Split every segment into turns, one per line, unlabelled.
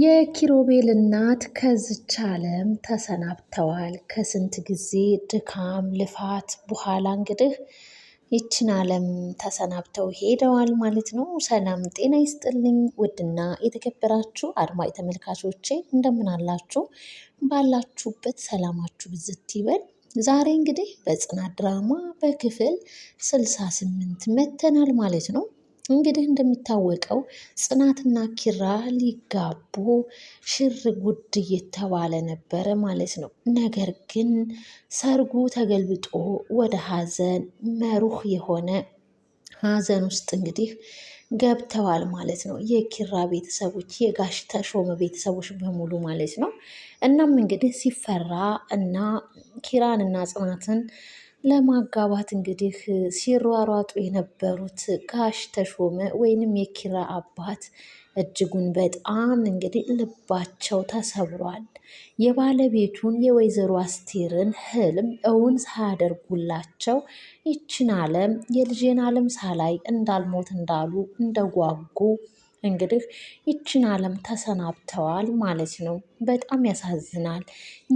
የኪሮቤል እናት ከዝች ዓለም ተሰናብተዋል። ከስንት ጊዜ ድካም ልፋት በኋላ እንግዲህ ይችን ዓለም ተሰናብተው ሄደዋል ማለት ነው። ሰላም ጤና ይስጥልኝ ውድና የተከበራችሁ አድማጭ ተመልካቾቼ እንደምን አላችሁ? ባላችሁበት ሰላማችሁ ብዝት ይበል። ዛሬ እንግዲህ በጽናት ድራማ በክፍል ስልሳ ስምንት መተናል ማለት ነው። እንግዲህ እንደሚታወቀው ጽናትና ኪራ ሊጋቡ ሽር ጉድ እየተባለ ነበረ ማለት ነው። ነገር ግን ሰርጉ ተገልብጦ ወደ ሀዘን መሩህ የሆነ ሀዘን ውስጥ እንግዲህ ገብተዋል ማለት ነው። የኪራ ቤተሰቦች የጋሽ ተሾመ ቤተሰቦች በሙሉ ማለት ነው። እናም እንግዲህ ሲፈራ እና ኪራን እና ጽናትን ለማጋባት እንግዲህ ሲሯሯጡ የነበሩት ጋሽ ተሾመ ወይንም የኪራ አባት እጅጉን በጣም እንግዲህ ልባቸው ተሰብሯል። የባለቤቱን የወይዘሮ አስቴርን ህልም እውን ሳያደርጉላቸው ይችን ዓለም የልጄን ዓለም ሳላይ እንዳልሞት እንዳሉ እንደጓጉ እንግዲህ ይችን ዓለም ተሰናብተዋል ማለት ነው። በጣም ያሳዝናል።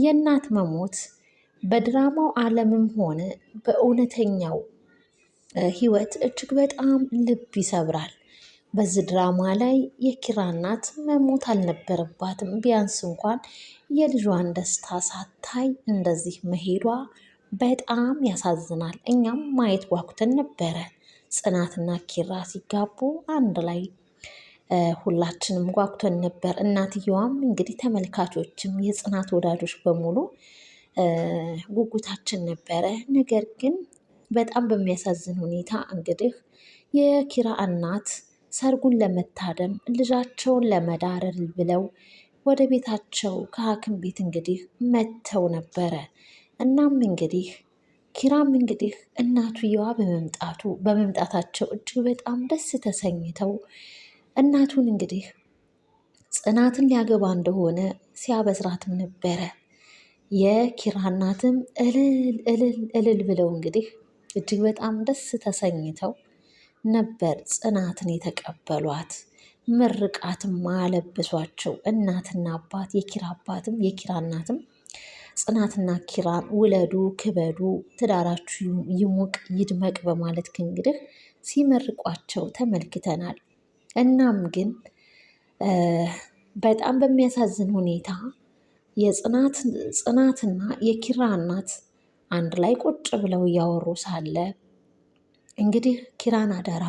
የእናት መሞት በድራማው ዓለምም ሆነ በእውነተኛው ህይወት እጅግ በጣም ልብ ይሰብራል። በዚህ ድራማ ላይ የኪራ እናት መሞት አልነበረባትም። ቢያንስ እንኳን የልጇን ደስታ ሳታይ እንደዚህ መሄዷ በጣም ያሳዝናል። እኛም ማየት ጓጉተን ነበረ። ጽናትና ኪራ ሲጋቡ አንድ ላይ ሁላችንም ጓጉተን ነበር። እናትየዋም እንግዲህ ተመልካቾችም የጽናት ወዳጆች በሙሉ ጉጉታችን ነበረ። ነገር ግን በጣም በሚያሳዝን ሁኔታ እንግዲህ የኪራ እናት ሰርጉን ለመታደም ልጃቸውን ለመዳረል ብለው ወደ ቤታቸው ከሐኪም ቤት እንግዲህ መጥተው ነበረ። እናም እንግዲህ ኪራም እንግዲህ እናቱየዋ በመምጣቱ በመምጣታቸው እጅግ በጣም ደስ ተሰኝተው እናቱን እንግዲህ ጽናትን ሊያገባ እንደሆነ ሲያበስራትም ነበረ። የኪራ እናትም እልል እልል እልል ብለው እንግዲህ እጅግ በጣም ደስ ተሰኝተው ነበር ጽናትን የተቀበሏት። ምርቃትም አለብሷቸው። እናትና አባት የኪራ አባትም የኪራ እናትም ጽናትና ኪራን ውለዱ፣ ክበዱ፣ ትዳራችሁ ይሙቅ ይድመቅ በማለት እንግዲህ ሲመርቋቸው ተመልክተናል። እናም ግን በጣም በሚያሳዝን ሁኔታ የጽናትና የኪራናት የኪራ እናት አንድ ላይ ቁጭ ብለው እያወሩ ሳለ እንግዲህ ኪራን አደራ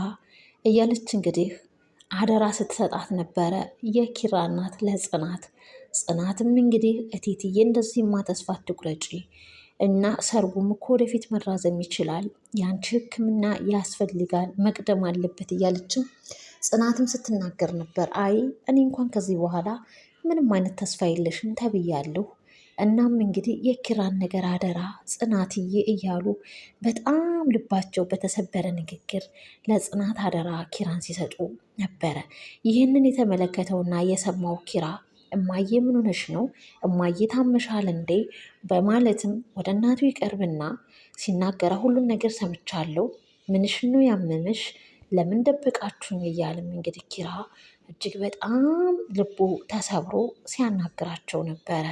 እያለች እንግዲህ አደራ ስትሰጣት ነበረ የኪራ እናት ለጽናት። ጽናትም እንግዲህ እቴትዬ እንደዚህማ ተስፋ አትቁረጪ እና ሰርጉም እኮ ወደፊት መራዘም ይችላል፣ የአንቺ ሕክምና ያስፈልጋል፣ መቅደም አለበት እያለችም ጽናትም ስትናገር ነበር። አይ እኔ እንኳን ከዚህ በኋላ ምንም አይነት ተስፋ የለሽም ተብያለሁ። እናም እንግዲህ የኪራን ነገር አደራ ጽናትዬ እያሉ በጣም ልባቸው በተሰበረ ንግግር ለጽናት አደራ ኪራን ሲሰጡ ነበረ። ይህንን የተመለከተውና የሰማው ኪራ እማዬ ምን ሆነሽ ነው? እማዬ ታመሻል እንዴ? በማለትም ወደ እናቱ ይቀርብና ሲናገራ ሁሉን ነገር ሰምቻለሁ፣ ምንሽ ነው ያመመሽ? ለምን ደበቃችሁኝ? እያለም እንግዲህ ኪራ እጅግ በጣም ልቡ ተሰብሮ ሲያናግራቸው ነበረ።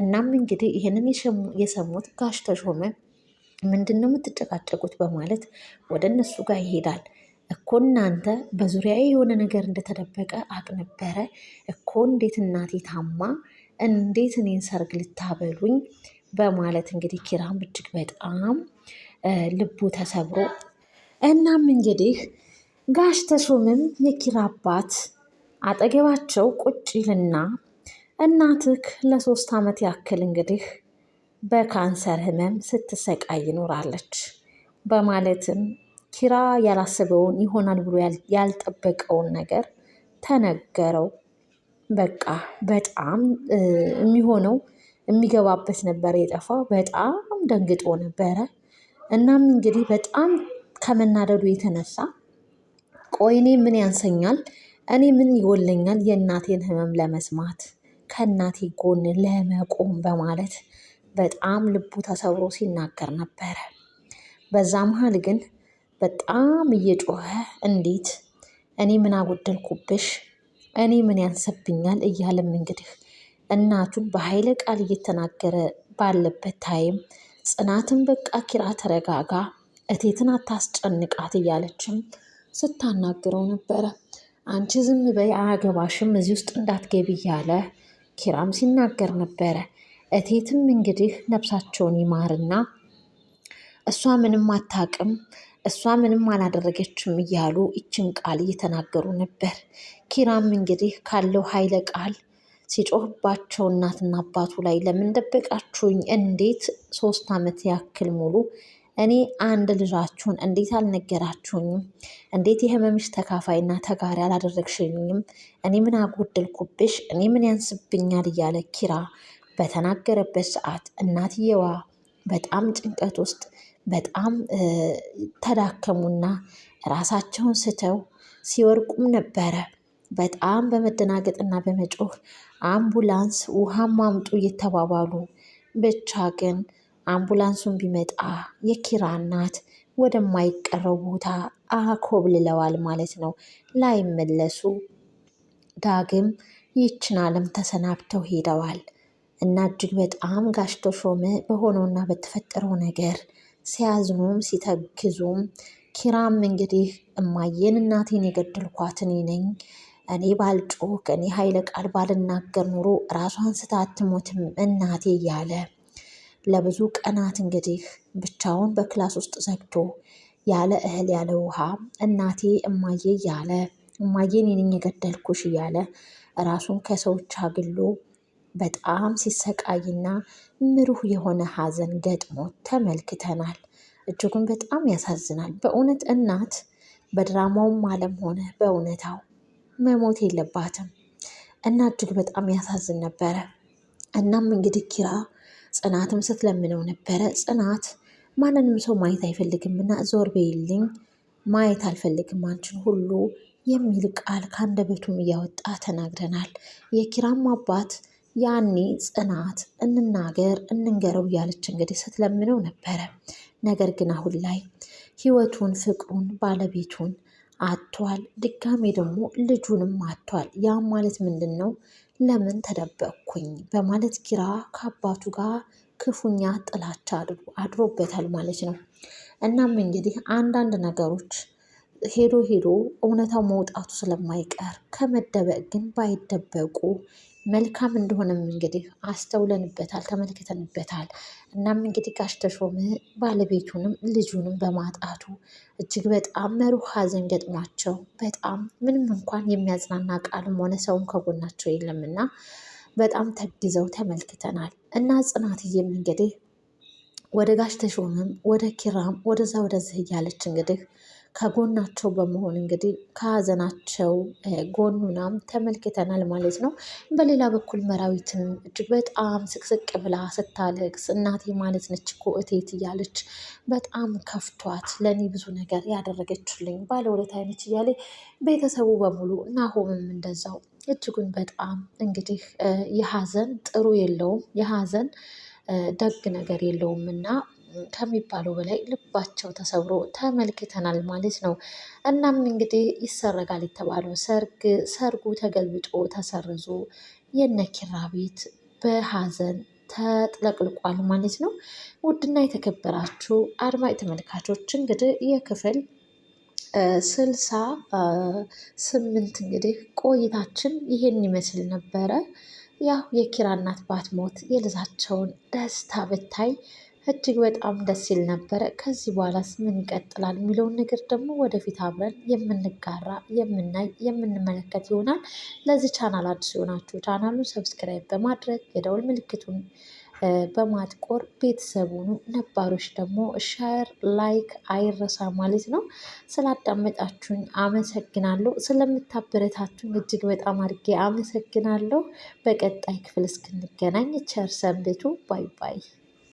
እናም እንግዲህ ይህንን የሰሙት ጋሽ ተሾመ ምንድን ነው የምትጨቃጨቁት? በማለት ወደ እነሱ ጋር ይሄዳል። እኮ እናንተ በዙሪያ የሆነ ነገር እንደተደበቀ አቅ ነበረ እኮ እንዴት እናቴ ታማ እንዴት እኔን ሰርግ ልታበሉኝ? በማለት እንግዲህ ኪራም እጅግ በጣም ልቡ ተሰብሮ እናም እንግዲህ ጋሽ ተሾመም የኪራ አባት አጠገባቸው ቁጭ ይልና እናትህ ለሶስት ዓመት ያክል እንግዲህ በካንሰር ህመም ስትሰቃይ ይኖራለች በማለትም ኪራ ያላሰበውን ይሆናል ብሎ ያልጠበቀውን ነገር ተነገረው። በቃ በጣም የሚሆነው የሚገባበት ነበር የጠፋ በጣም ደንግጦ ነበረ። እናም እንግዲህ በጣም ከመናደዱ የተነሳ ቆይኔ ምን ያንሰኛል እኔ ምን ይጎለኛል የእናቴን ህመም ለመስማት ከእናቴ ጎን ለመቆም በማለት በጣም ልቡ ተሰብሮ ሲናገር ነበረ። በዛ መሀል ግን በጣም እየጮኸ እንዴት እኔ ምን አጎደልኩብሽ፣ እኔ ምን ያንስብኛል እያለም እንግዲህ እናቱን በኃይለ ቃል እየተናገረ ባለበት ታይም ጽናትን በቃ ኪራ ተረጋጋ፣ እቴትን አታስጨንቃት እያለችም ስታናግረው ነበረ። አንቺ ዝም በይ አያገባሽም፣ እዚህ ውስጥ እንዳትገቢ እያለ ኪራም ሲናገር ነበረ። እቴትም እንግዲህ ነፍሳቸውን ይማርና እሷ ምንም አታውቅም፣ እሷ ምንም አላደረገችም እያሉ ይችን ቃል እየተናገሩ ነበር። ኪራም እንግዲህ ካለው ኃይለ ቃል ሲጮህባቸው እናትና አባቱ ላይ ለምን ደበቃችሁኝ? እንዴት ሶስት ዓመት ያክል ሙሉ እኔ አንድ ልጃችሁን እንዴት አልነገራችሁኝም? እንዴት የህመምሽ ተካፋይና ተጋሪ አላደረግሽኝም? እኔ ምን አጎደልኩብሽ? እኔ ምን ያንስብኛል? እያለ ኪራ በተናገረበት ሰዓት እናትየዋ በጣም ጭንቀት ውስጥ በጣም ተዳከሙና ራሳቸውን ስተው ሲወርቁም ነበረ። በጣም በመደናገጥና በመጮህ አምቡላንስ ውሃም አምጡ እየተባባሉ ብቻ ግን አምቡላንሱን ቢመጣ የኪራ እናት ወደማይቀረው ቦታ አኮብልለዋል ማለት ነው። ላይመለሱ ዳግም ይችን ዓለም ተሰናብተው ሄደዋል እና እጅግ በጣም ጋሽ ተሾመ በሆነውና በተፈጠረው ነገር ሲያዝኑም ሲተግዙም ኪራም እንግዲህ እማዬን እናቴን የገደልኳት እኔ ነኝ እኔ ባልጮክ እኔ ኃይለ ቃል ባልናገር ኑሮ ራሷን ስታትሞትም እናቴ እያለ ለብዙ ቀናት እንግዲህ ብቻውን በክላስ ውስጥ ዘግቶ ያለ እህል ያለ ውሃ እናቴ እማዬ እያለ እማዬ እኔ ነኝ የገደልኩሽ እያለ ራሱን ከሰዎች አግሎ በጣም ሲሰቃይና ምሩህ የሆነ ሀዘን ገጥሞ ተመልክተናል። እጅጉን በጣም ያሳዝናል። በእውነት እናት በድራማውም ዓለም ሆነ በእውነታው መሞት የለባትም እና እጅግ በጣም ያሳዝን ነበረ። እናም እንግዲህ ኪራ ጽናትም ስትለምነው ነበረ። ጽናት ማንንም ሰው ማየት አይፈልግምና ዞር በይልኝ፣ ማየት አልፈልግም አንቺን ሁሉ የሚል ቃል ከአንደበቱም እያወጣ ተናግረናል። የኪራም አባት ያኔ ጽናት እንናገር እንንገረው እያለች እንግዲህ ስትለምነው ነበረ። ነገር ግን አሁን ላይ ህይወቱን፣ ፍቅሩን፣ ባለቤቱን አጥቷል። ድጋሜ ደግሞ ልጁንም አጥቷል። ያም ማለት ምንድን ነው? ለምን ተደበቅኩኝ በማለት ኪራ ከአባቱ ጋር ክፉኛ ጥላቻ አድሮበታል ማለት ነው። እናም እንግዲህ አንዳንድ ነገሮች ሄዶ ሄዶ እውነታው መውጣቱ ስለማይቀር ከመደበቅ ግን ባይደበቁ መልካም እንደሆነም እንግዲህ አስተውለንበታል፣ ተመልክተንበታል። እናም እንግዲህ ጋሽ ተሾመ ባለቤቱንም ልጁንም በማጣቱ እጅግ በጣም መሩህ ሐዘን ገጥሟቸው በጣም ምንም እንኳን የሚያጽናና ቃልም ሆነ ሰውም ከጎናቸው የለምና በጣም ተግዘው ተመልክተናል። እና ጽናትዬም እንግዲህ ወደ ጋሽ ተሾመም ወደ ኪራም ወደዛ ወደዚህ እያለች እንግዲህ ከጎናቸው በመሆን እንግዲህ ከሀዘናቸው ጎኑናም ተመልክተናል ማለት ነው። በሌላ በኩል መራዊትን እጅግ በጣም ስቅስቅ ብላ ስታለቅስ እናቴ ማለት ነች እኮ እቴት እያለች በጣም ከፍቷት ለእኔ ብዙ ነገር ያደረገችልኝ ባለውለታ አይነች እያለ ቤተሰቡ በሙሉ ናሆምም እንደዛው እጅጉን በጣም እንግዲህ የሀዘን ጥሩ የለውም የሀዘን ደግ ነገር የለውም እና ከሚባለው በላይ ልባቸው ተሰብሮ ተመልክተናል ማለት ነው። እናም እንግዲህ ይሰረጋል የተባለው ሰርግ ሰርጉ ተገልብጦ ተሰርዞ የነኪራ ቤት በሀዘን ተጥለቅልቋል ማለት ነው። ውድና የተከበራችሁ አድማጭ ተመልካቾች እንግዲህ የክፍል ስልሳ ስምንት እንግዲህ ቆይታችን ይሄን ይመስል ነበረ። ያው የኪራ እናት ባትሞት የልዛቸውን ደስታ ብታይ እጅግ በጣም ደስ ይል ነበረ። ከዚህ በኋላስ ምን ይቀጥላል የሚለውን ነገር ደግሞ ወደፊት አብረን የምንጋራ የምናይ የምንመለከት ይሆናል። ለዚህ ቻናል አዲስ የሆናችሁ ቻናሉን ሰብስክራይብ በማድረግ የደውል ምልክቱን በማጥቆር ቤተሰቡን ነባሮች ደግሞ ሸር ላይክ አይረሳ ማለት ነው። ስላዳመጣችሁኝ አመሰግናለሁ። ስለምታበረታችሁኝ እጅግ በጣም አድርጌ አመሰግናለሁ። በቀጣይ ክፍል እስክንገናኝ ቸር ሰንብቱ። ባይ ባይ።